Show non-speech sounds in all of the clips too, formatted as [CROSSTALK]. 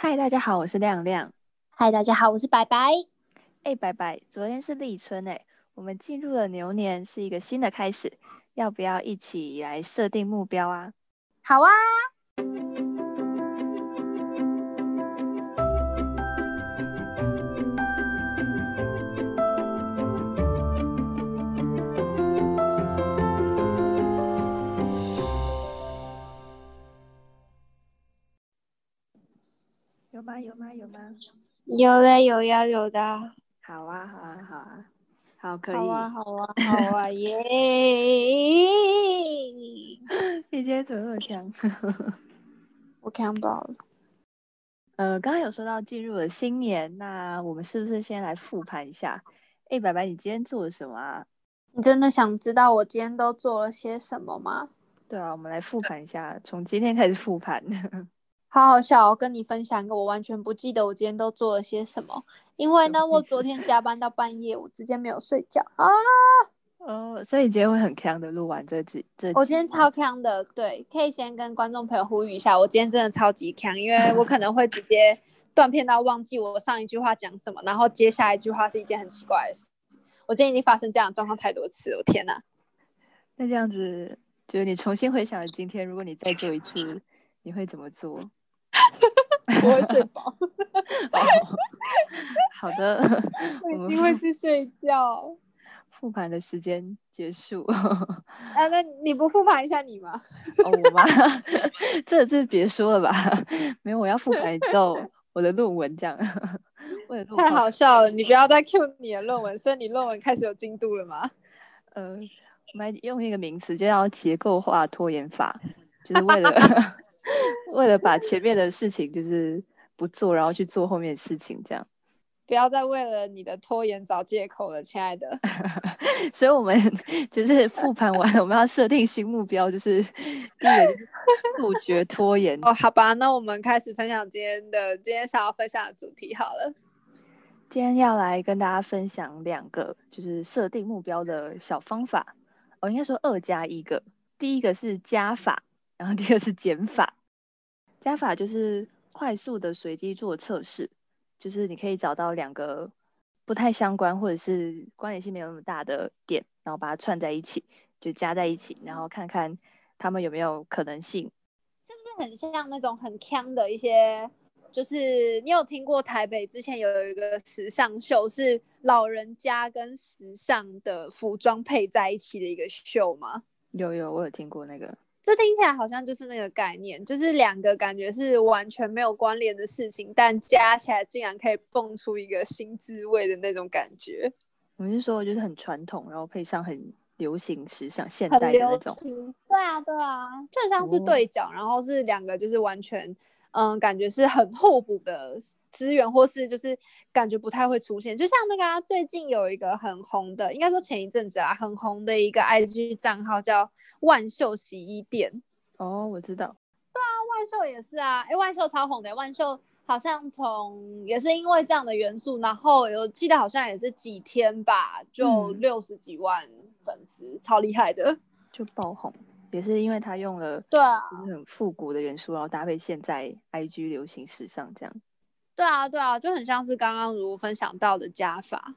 嗨，大家好，我是亮亮。嗨，大家好，我是白白。欸，白白，昨天是立春欸，我們進入了牛年，是一個新的開始，要不要一起來設定目標啊？好啊。有嗎有嗎？有的有呀有，有，有的。好啊好啊好啊，好，啊好可以。好啊好啊好啊耶！ [LAUGHS] 啊啊 yeah! [LAUGHS] 你今天怎麼那麼強？ [LAUGHS] 我看到了。呃，剛剛有說到進入了新年，那我們是不是先來復盤一下？哎，白白，你今天做了什麼、啊？你真的想知道我今天都做了些什麼嗎？對啊，我們來復盤一下， [LAUGHS] 從今天開始復盤。 [LAUGHS] 好好笑！我跟你分享一個，我完全不記得我今天都做了些什麼，因為呢，我昨天加班到半夜， [LAUGHS] 我直接沒有睡覺啊，哦、oh,，所以你今天會很坑的錄完這集這幾。我今天超坑的，對，可以先跟觀眾朋友呼籲一下，我今天真的超級坑，因為我可能會直接斷片到忘記我上一句話講什麼， [LAUGHS] 然後接下來一句話是一件很奇怪的事。我今天已經發生這樣的狀況太多次了，我天吶。那這樣子，就是你重新回想了今天，如果你再做一次， [LAUGHS] 你會怎麼做？ [LAUGHS] 我會睡飽飽笑。 [LAUGHS] oh, [LAUGHS] 好的，一 [LAUGHS] 定會去睡覺。複盤的時間結束。那、 [LAUGHS] uh, 那你不複盤一下你嗎？ [LAUGHS] oh, 我嗎？ [LAUGHS] 這這別說了吧。 [LAUGHS] 沒有，我要複盤到我的論文這樣。 [LAUGHS] 弱 [LAUGHS] 太好笑了！你不要再 cue 你的論文，所以你論文開始有進度了嗎？嗯、 [LAUGHS] [LAUGHS] 呃，我們用一個名詞就叫結構化拖延法，就是為了。 [LAUGHS] [LAUGHS] [LAUGHS] 為了把前面的事情就是不做，然後去做後面的事情，這樣。不要再為了你的拖延找借口了，親愛的。 [LAUGHS] 所以，我們就是復盤完， [LAUGHS] 我們要設定新目標，就是杜絕拖延。 [LAUGHS] 哦，好吧，那我們開始分享今天的今天想要分享的主題好了。今天要來跟大家分享兩個就是設定目標的小方法。我、哦、應該說二加一個，第一個是加法，然後第二個是減法。加法就是快速的隨機做測試，就是你可以找到兩個不太相關或者是關聯性沒有那麼大的點，然後把它串在一起，就加在一起，然後看看他們有沒有可能性。是不是很像那種很 can 的一些？就是你有聽過台北之前有有一個時尚秀，是老人家跟時尚的服裝配在一起的一個秀嗎？有有，我有聽過那個。這聽起來好像就是那個概念，就是兩個感覺是完全沒有關聯的事情，但加起來竟然可以蹦出一個新滋味的那種感覺。我們是說，就是很傳統，然後配上很流行、時尚、現代的那種。對啊，對啊，就像是對角，哦，然後是兩個就是完全。嗯，感覺是很互補的資源，或是就是感覺不太會出現。就像那個、啊、最近有一個很紅的，應該說前一陣子啦，很紅的一個 IG 賬號叫萬秀洗衣店。哦，我知道。對啊，萬秀也是啊。誒、欸，萬秀超紅的、欸，萬秀好像從也是因為這樣的元素，然後有記得好像也是幾天吧，就六十幾萬粉絲、嗯，超厲害的，就爆紅。也是因為它用了對啊，很複古的元素，然後搭配現在 IG 流行時尚這樣，對啊對啊，就很像是剛剛如分享到的加法。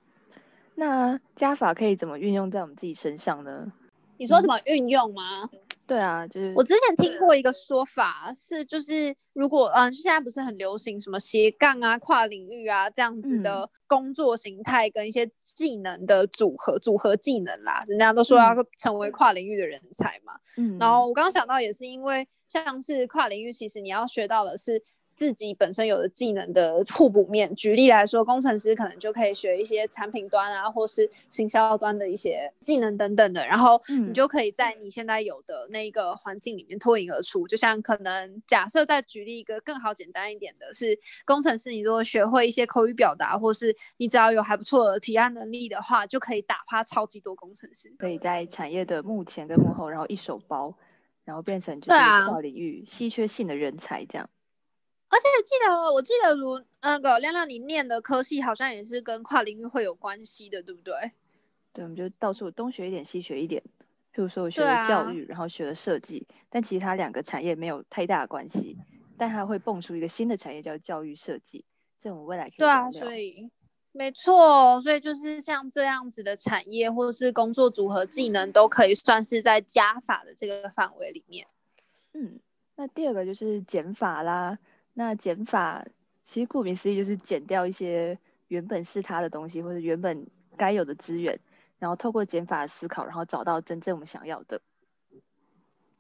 那加法可以怎麼運用在我們自己身上呢？你說怎麼運用嗎？嗯對啊，就是我之前聽過一個說法，是就是如果，嗯，就現在不是很流行什麼斜槓啊、跨領域啊這樣子的工作形態，跟一些技能的組合、嗯、組合技能啦、啊，人家都說要成為跨領域的人才嘛。嗯，然後我剛想到，也是因為像是跨領域，其實你要學到的是。自己本身有的技能的互補面，舉例來說，工程師可能就可以學一些產品端啊，或是行銷端的一些技能等等的，然後你就可以在你現在有的那個環境裡面脫穎而出，嗯。就像可能假設再舉例一個更好、簡單一點的是，是工程師，你如果學會一些口語表達，或是你只要有還不錯的提案能力的話，就可以打趴超級多工程師。可以在產業的幕前跟幕後，然後一手包，然後變成就是跨領域、啊、稀缺性的人才這樣。而且記得，我記得如那個亮亮，你念的科系好像也是跟跨領域會有關係的，對不對？對，我們就到處東學一點，西學一點。譬如說我學了教育，啊、然後學了設計，但其他兩個產業沒有太大的關係，但它會蹦出一個新的產業叫教育設計，這種未來可以。對啊，所以沒錯，所以就是像這樣子的產業或是工作組合技能，都可以算是在加法的這個範圍裡面。嗯，那第二個就是減法啦。那減法其實顧名思義就是減掉一些原本是他的東西，或者原本該有的資源，然後透過減法思考，然後找到真正我們想要的。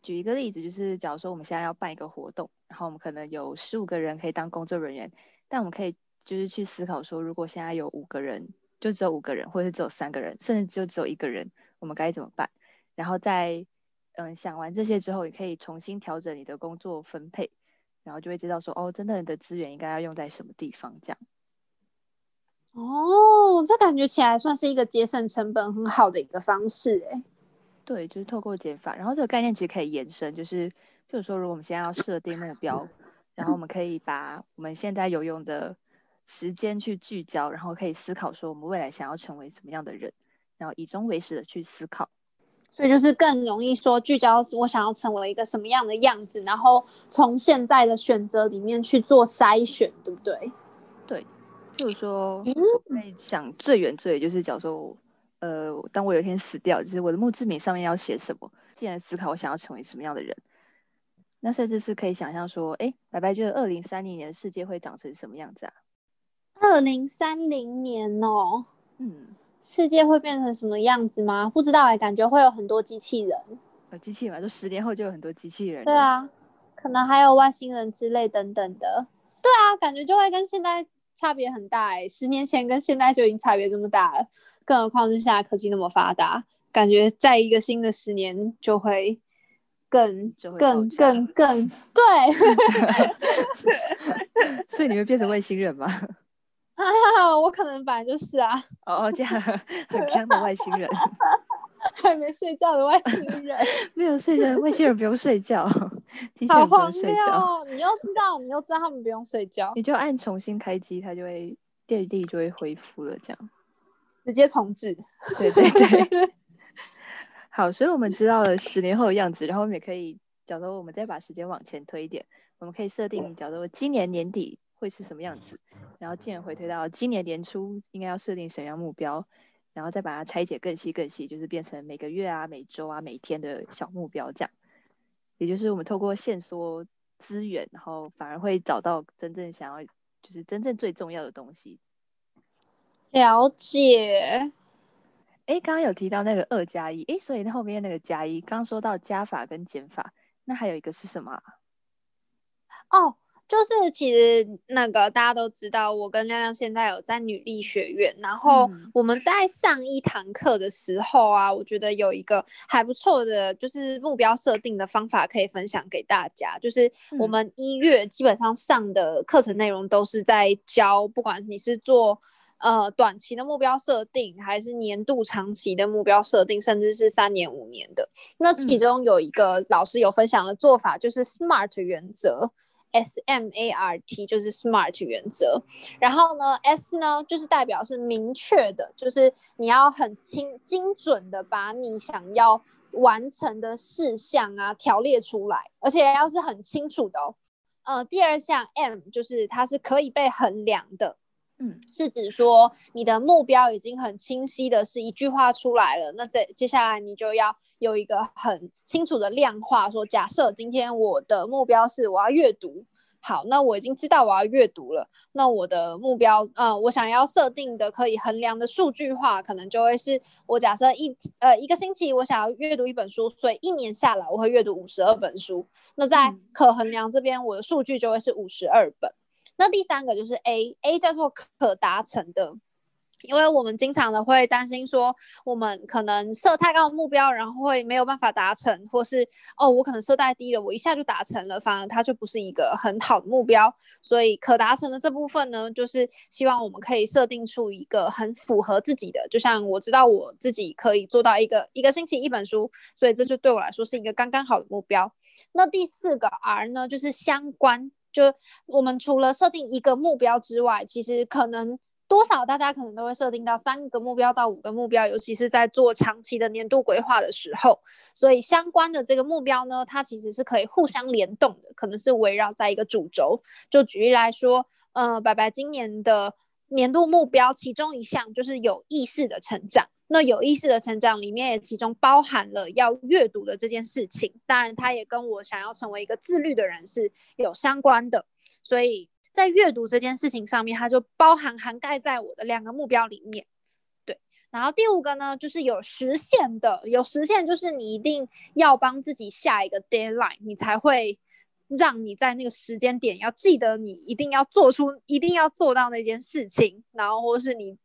舉一個例子，就是假如說我們現在要辦一個活動，然後我們可能有十五個人可以當工作人員，但我們可以就是去思考說，如果現在有五個人，就只有五個人，或者是只有三個人，甚至就只有一個人，我們該怎麼辦？然後在嗯想完這些之後，也可以重新調整你的工作分配。然後就會知道說，哦，真的，人的資源應該要用在什麼地方這樣。哦，這感覺起來算是一個節省成本很好的一個方式哎。對，就是透過減法，然後這個概念其實可以延伸，就是就是說，如果我們現在要設定目標， [LAUGHS] 然後我們可以把我們現在有用的時間去聚焦，然後可以思考說，我們未來想要成為什麼樣的人，然後以終為始的去思考。所以就是更容易說聚焦我想要成為一個什麼樣的樣子，然後從現在的選擇裡面去做篩選，對不對？對，就是說在想、嗯、最遠最就是假如說呃，當我有一天死掉，就是我的墓誌銘上面要寫什麼？既然思考我想要成為什麼樣的人，那甚至是可以想象說，哎、欸，白白覺得二零三零年世界會長成什麼樣子啊？二零三零年哦，嗯。世界會變成什麼樣子嗎？不知道哎、欸，感覺會有很多機器人。有、哦、機器人、啊，就十年後就有很多機器人。對啊，可能還有外星人之類等等的。對啊，感覺就會跟現在差別很大哎、欸。十年前跟現在就已經差別這麼大了，更何況是現在科技那麼發達，感覺在一個新的十年就會更就會更更更， [LAUGHS] 更，更對。 [LAUGHS] [LAUGHS] 所以你會變成外星人嗎？ [LAUGHS] 啊， [LAUGHS] 我可能本來就是啊。哦、oh, oh,，這樣很鏘的外星人， [LAUGHS] 還沒睡覺的外星人， [LAUGHS] 沒有睡覺，外星人不用睡覺，機械 [LAUGHS] 人不用睡覺，哦。你要知道， [LAUGHS] 你要知道他們不用睡覺，你就按重新開機，它就會電力就會恢復了，這樣直接重置。對對對， [LAUGHS] 好，所以我們知道了十年後的樣子，然後我們也可以，假如我們再把時間往前推一點，我們可以設定，假如今年年底。會是什麼樣子？然後進而回推到今年年初，應該要設定什麼樣目標？然後再把它拆解更細、更細，就是變成每個月啊、每週啊、每天的小目標這樣。也就是我們透過限縮資源，然後反而會找到真正想要，就是真正最重要的東西。了解。哎，剛剛有提到那個二加一，哎，所以那後面那個加一，剛說到加法跟減法，那還有一個是什麼啊？哦。就是其實那個大家都知道，我跟亮亮現在有在女力學院，然後我們在上一堂課的時候啊，嗯，我覺得有一個還不錯的就是目標設定的方法可以分享給大家。就是我們一月基本上上的課程內容都是在教，不管你是做呃短期的目標設定，還是年度、長期的目標設定，甚至是三年、五年的。那其中有一個老師有分享的做法，就是 SMART 原則。嗯嗯 S M A R T 就是 SMART 原則，然後呢，S 呢就是代表是明確的，就是你要很清精準的把你想要完成的事項啊條列出來，而且要是很清楚的哦。呃，第二項 M 就是它是可以被衡量的。嗯，是指說你的目標已經很清晰的是一句話出來了，那在接下來你就要有一個很清楚的量化，說假設今天我的目標是我要閱讀，好，那我已經知道我要閱讀了，那我的目標，呃我想要設定的可以衡量的數據化，可能就會是我假設一呃一個星期我想要閱讀一本書，所以一年下來我會閱讀五十二本書，那在可衡量這邊我的數據就會是五十二本。嗯那第三個就是 A，A 叫做可達成的，因為我們經常的會擔心說，我們可能設太高的目標，然後會沒有辦法達成，或是哦，我可能設太低了，我一下就達成了，反而它就不是一個很好的目標。所以可達成的這部分呢，就是希望我們可以設定出一個很符合自己的，就像我知道我自己可以做到一個一個星期一本書，所以這就對我來說是一個剛剛好的目標。那第四個 R 呢，就是相關。就我們除了設定一個目標之外，其實可能多少大家可能都會設定到三個目標到五個目標，尤其是在做長期的年度規劃的時候。所以相關的這個目標呢，它其實是可以互相聯動的，可能是圍繞在一個主軸。就舉例來說，嗯、呃，白白今年的年度目標其中一項就是有意識的成長。那有意識的成長裡面也其中包含了要閱讀的這件事情，當然它也跟我想要成為一個自律的人是有相關的，所以在閱讀這件事情上面，它就包含涵蓋在我的兩個目標裡面。對，然後第五個呢，就是有時限的，有時限就是你一定要幫自己下一個 deadline，你才會讓你在那個時間點要記得你一定要做出，一定要做到那件事情，然後或是你。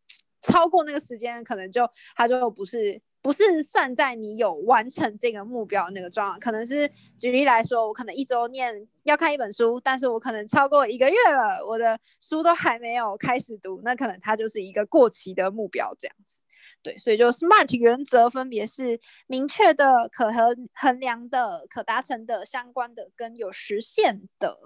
超過那個時間，可能就它就不是不是算在你有完成這個目標那個狀況，可能是舉例來說，我可能一周念要看一本書，但是我可能超過一個月了，我的書都還沒有開始讀，那可能它就是一個過期的目標這樣子。對，所以就 SMART 原則分別是明確的、可衡衡量的、可達成的、相關的跟有實現的，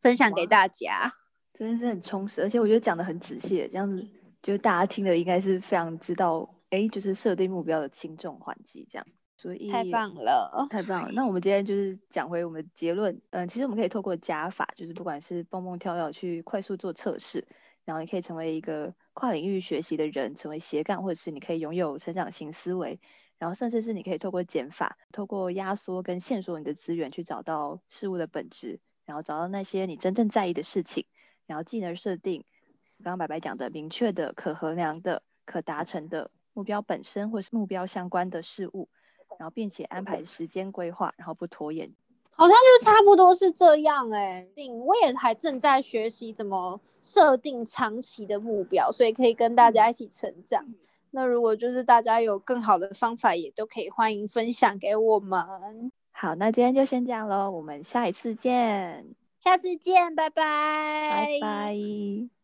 分享給大家，真的是很充實，而且我覺得講的很仔細，這樣子。就大家聽的應該是非常知道，誒，就是設定目標的輕重緩急這樣，所以太棒了哦，太棒了。那我們今天就是講回我們的結論，嗯，其實我們可以透過加法，就是不管是蹦蹦跳跳去快速做測試，然後你可以成為一個跨領域學習的人，成為斜槓，或者是你可以擁有成長型思維，然後甚至是你可以透過減法，透過壓縮跟線索你的資源去找到事物的本質，然後找到那些你真正在意的事情，然後進而設定。剛剛白白講的，明確的、可衡量的、可達成的目標本身，或是目標相關的事物，然後並且安排時間規劃，然後不拖延。好像就差不多是這樣哎、欸。我也還正在學習怎麼設定長期的目標，所以可以跟大家一起成長。那如果就是大家有更好的方法，也都可以歡迎分享給我們。好，那今天就先這樣嘍，我們下一次見。下次見，拜拜。拜拜。